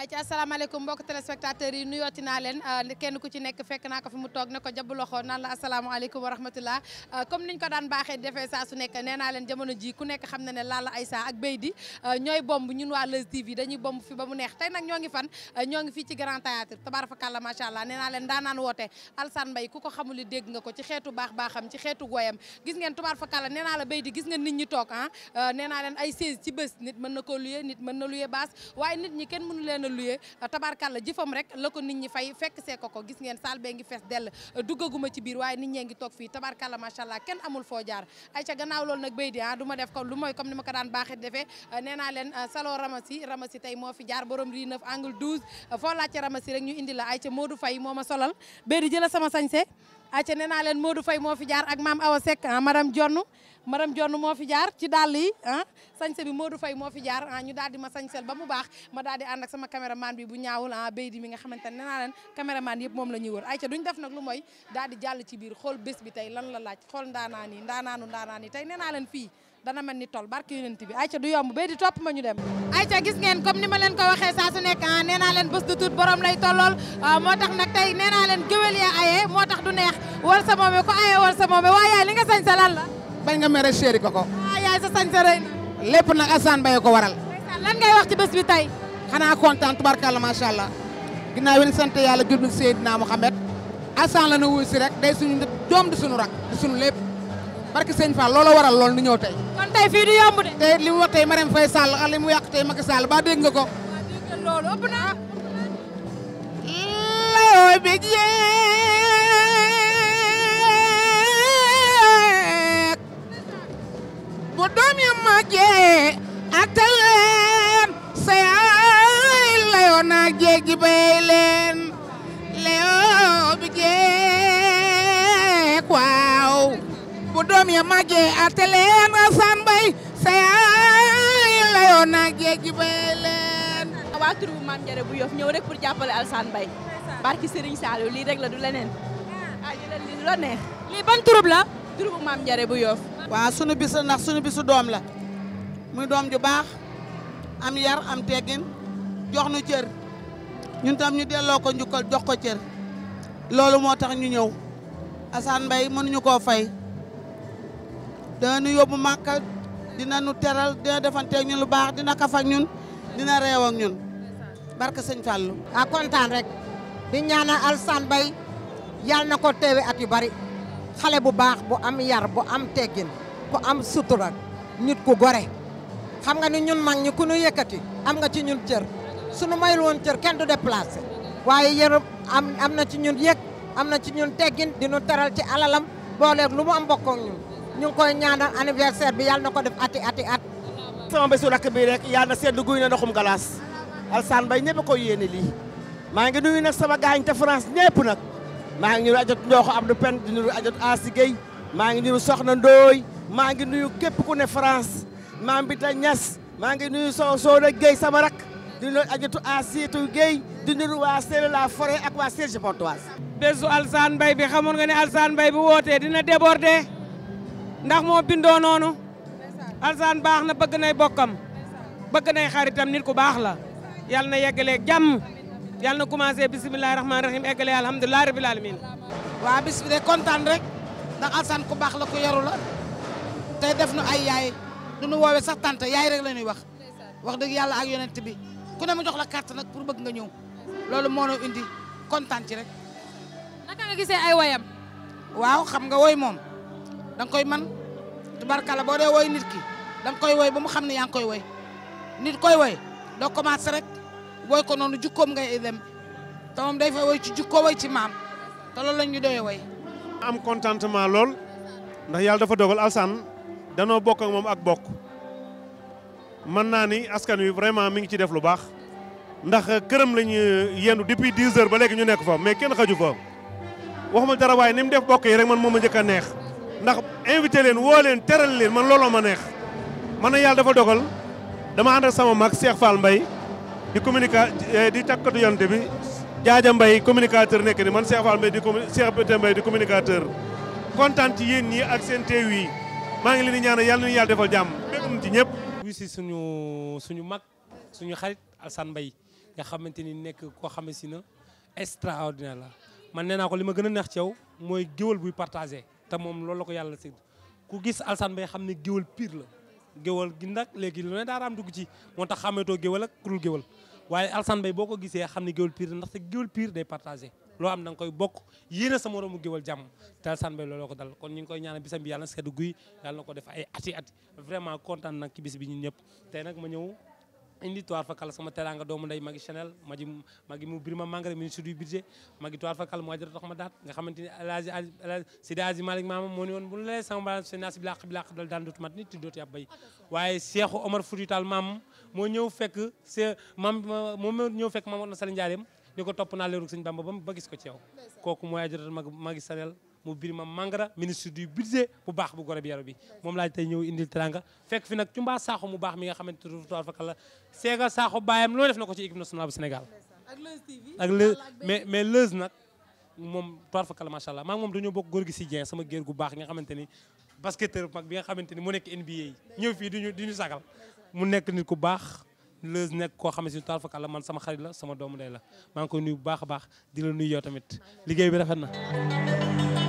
ay ci asalaamaaleykum mbokk téléspectateurs yi nuyooti naa leen euh, kenn ku ci nekk fekk naa ko fi mu toog ne ko jabu loxo naan la asalaamaaleykum wa rahmatullah euh, comme daan baaxee defee saa su nekk nee naa leen jamono ji ku nekk xam na ne Lalla Aïssa ak Beydi euh, ñooy bomb ñun waa Leuz TV dañuy bomb fi ba mu neex tey nag ñoo ngi fan ñoo ngi fii ci Grand Théâtre tabarakallah macha allah nee naa leen daanaan woote Alsane Mbaye ku ko xamuli dégg nga ko ci xeetu baax baaxam ci xeetu goyam gis ngeen tabarakallah nee naa la Beydi gis nga nit ñi toog ah nee naa leen ay 16 ci bés nit na ko luye nit mën na luye baas waaye nit ñi kenn mënu leen loué tabarkàlla jëfam rek la ko nit ñi fay fekk see ko ko gis ngeen saal bee ngi fees dell duggaguma ci biir waaye nit ñee ngi toog fii la macha allah kenn amul foo jaar ay ca gannaaw loolu nag béy di ah du ma def ko lu mooy comme ni ma ko daan baaxee defee nee naa leen ah, salon ramasi ramasi tey moo fi jaar borom ri 9 angle 12 foo laajte ramasi rek ñu indi la ay ca Modou fay moo ma solal béy di jëla sama sañse acca nee naa leen Modou Faye moo fi jaar ak maam Awa Seck ah madame Jonn madame Jonn moo fi jaar ci dàll yi ah sañse bi Modou moo fi jaar ah ñu daal di ma sañsel ba mu baax ma daal di ànd ak sama bi bu ñaawul ah béy di mi nga xamante ne nee naa leen caméraman yëpp moom la ñuy wër acca duñ def nag lu mooy daal di jàll ci biir xool bés bi tey lan la laaj xool ndaanaan yi ndaanaanu ndaanaan yi tey nee naa leen fii dana mel ni tool barke yonent bi ayca du yomb bay di topp ma ñu dem ayca gis ngeen comme ni ma leen ko waxee saa su nekk ah leen bés du tuut borom lay tollool ah, moo tax nag tey nee leen géwél ya aye moo tax du neex war sa moome ko aye war sa moome waaye yaay li nga sañ lan la bañ nga mere chéri ko ko ah yaay sa sañ sa rëy na lépp nag Assane Mbaye ko waral lan ngay wax ci bés bi tey xanaa kontaan tubarkalla allah ginnaaw yéen sant yàlla jul bi Seydina Mouhamed Assane la na wuy si rek day suñu doom di suñu rak di suñu lépp barke sëñ Fall loolu waral loolu nu ñëw tey tey fii du yomb de. tey li mu wax tey Marème Faye Sall ak li mu yàq tey Macky Sall ba dégg nga ko. waaw dégg nga loolu ëpp naa. layoo bi jeeg bu doom ya màggee ak tayeen sa yaay layoo naa jeeg ji bay leen layoo bi jeeg waaw bu doom ya màggee ak tayeen Sambay sa yaay layoo naag géej gi bay leen waa turu Mame Ndiaré bu Yoff ñëw rek pour jàppale Alassane Mbaye barki Serigne Saliou lii rek la du leneen ah ñu li ban turub la turu bu Mame Ndiaré bu Yoff waaw sunu bis la la muy doom ju baax am yar am teggin jox nu cër ñun tam ñu delloo ko njukkal jox ko cër loolu moo tax ñu ñëw Alassane Mbaye mënuñu koo fay dana nu yóbbu màkka dina nu teral dina defanteeg ñun lu baax dina kaf ñun dina reew ak ñun barke sëñ Fallou. ah kontaan rek di ñaana Alassane Mbaye yàlla na ko teewe at yu bari xale bu baax bu am yar bu am teggin ku am sutura nit ku gore xam nga ni ñun mag ñi ku ñu yëkkati am nga ci ñun cër suñu mayul woon cër kenn du déplacé waaye yërëm am am na ci ñun yëg am na ci ñun teggin di ñu teral ci alalam booleeg lu mu am bokkoog ñun. ñu ngi koy ñaanal anniversaire bi yàlla na ko def ati ati at. sama bésu rakk bi rek yàlla na sedd guy na ndoxum galaas Alsaan Mbaye ñëpp koy yéene maa ngi nuyu nag sama gaañ te France ñëpp nag maa ngi nuyu ajot Ndooxo Abdou Pen di nuyu ajot Asi Gueye maa ngi nuyu Soxna Ndooy maa ngi nuyu képp ku ne France maa mbi ta Ñas maa ngi nuyu soo Soxna Gueye sama rakk di nuyu ajotu Asietu Gueye di nuyu waa Celles la Forêt ak waa Cergy Pontoise bésu Alsaan Mbaye bi xamoon nga ne Alsaan Mbaye bu wootee dina déborder ndax moo bindoo noonu alsaan baax na bëgg nay bokkam bëgg nay xaritam nit ku baax la yàlla na yeggaleeg jàmm yàlla na commencé bisimilahi rahmaani rahim eggalee alhamdulilahi rabil alamin waa bis bi kontaan rek ndax alsaan ku baax la ku yaru la tey def nu ay yaay du nu woowee sax tante yaay rek lañuy wax wax dëgg yàlla ak yonent bi ku ne mu jox la carte nag pour bëgg nga ñëw loolu moo ñu indi kontaan ci rek naka nga gisee ay woyam waaw xam nga woy moom danga koy man tubarkalla boo dee woy nit ki danga koy woy ba mu xam ne yaa koy woy nit koy woy doo commencé rek woy ko noonu jukkoom nga dem te moom day fa woy ci jukkoo woy ci maam te loolu la ñu doyee woy am contentement lool ndax yàlla dafa dogal alsan danoo bokk ak moom ak bokk mën naa ni askan wi vraiment mi ngi ci def lu baax ndax këram lañu yendu depuis 10 heures ba léegi ñu nekk fa mais kenn xaju fa waxuma dara waaye ni mu def bokk yi rek man moom a njëkk neex ndax invité leen woo teral leen man looloo ma neex man a yàlla dafa dogal dama ànd ak sama mag Cheikh Fall mbay di communica eh, di takkatu yonte bi Jaaja Mbaye communicateur nekk ni man Cheikh Fall Mbaye di Cheikh Pété Mbaye di communicateur kontaan ci yéen ñii ak seen maa ngi leen di ñaanal yàlla nañu yàlla defal jàmm bégum ci ñëpp si suñu suñu mag suñu xarit Alsane mbay nga xamante ni nekk koo xamante si na extraordinaire la man nee naa ko li ma gën a neex ci yow mooy géwal buy partagé te moom loolu la ko yàlla si ku gis Alassane Mbaye xam ne géwal pire la géwal gi nag léegi lu ne daaraam dugg ci moo tax xàmmeetoo géwal ak kurul géwal waaye Alassane Mbaye boo ko gisee xam ne géwal pire la ndaxte géwal piir day partagé loo am da nga koy bokk yéene sama roomu géwal jàmm te Alassane Mbaye looloo ko dal kon ñu ngi koy ñaanal bisam bi yàlla na sedd guy yàlla na ko def ay ati ati vraiment kontaan nag kibis bi ñun ñëpp tey nag ma ñëw indi toir fa kala sama teranga doomu nday magi Chanel magi magi mu Birima Mangare ministre du budget magi toir fa kala moo ajara tax ma daat nga xamante ni El Hadj El Sidi Hadj moo ni woon bu la sama baa se si bi làq bi dal dootu mat nit dootu yàb bay waaye Cheikh Omar Fouti maam moo ñëw fekk maam moo ñëw fekk maam war na sali njaareem ni ko topp naa leerug sëñ Bamba ba ba gis ko ci yow kooku mooy ajara magi Chanel mu Birima Mangara ministre du budget bu baax bu Gorée bi yaru bi moom laaj tey ñëw indil teranga fekk fi nag Cumba Sakho mu baax mi nga xamante ne tubaab la Séga Sakho baayam loolu def na ko ci équipe nationale bu Sénégal. ak Leuz mais mais Leuz nag moom tubaab la macha allah maa ngi moom dañoo bokk góor gi si Dieng sama géer gu baax nga xamante ni basketteur mag bi nga xamante ni mu nekk NBA yi ñëw fii duñu duñu sagal mu nekk nit ku baax. Leuz nekk koo xam ne si taal la man sama xarit la sama doomu ndey la maa ngi koy nuyu bu baax a baax di la nuyu yow tamit liggéey bi rafet na.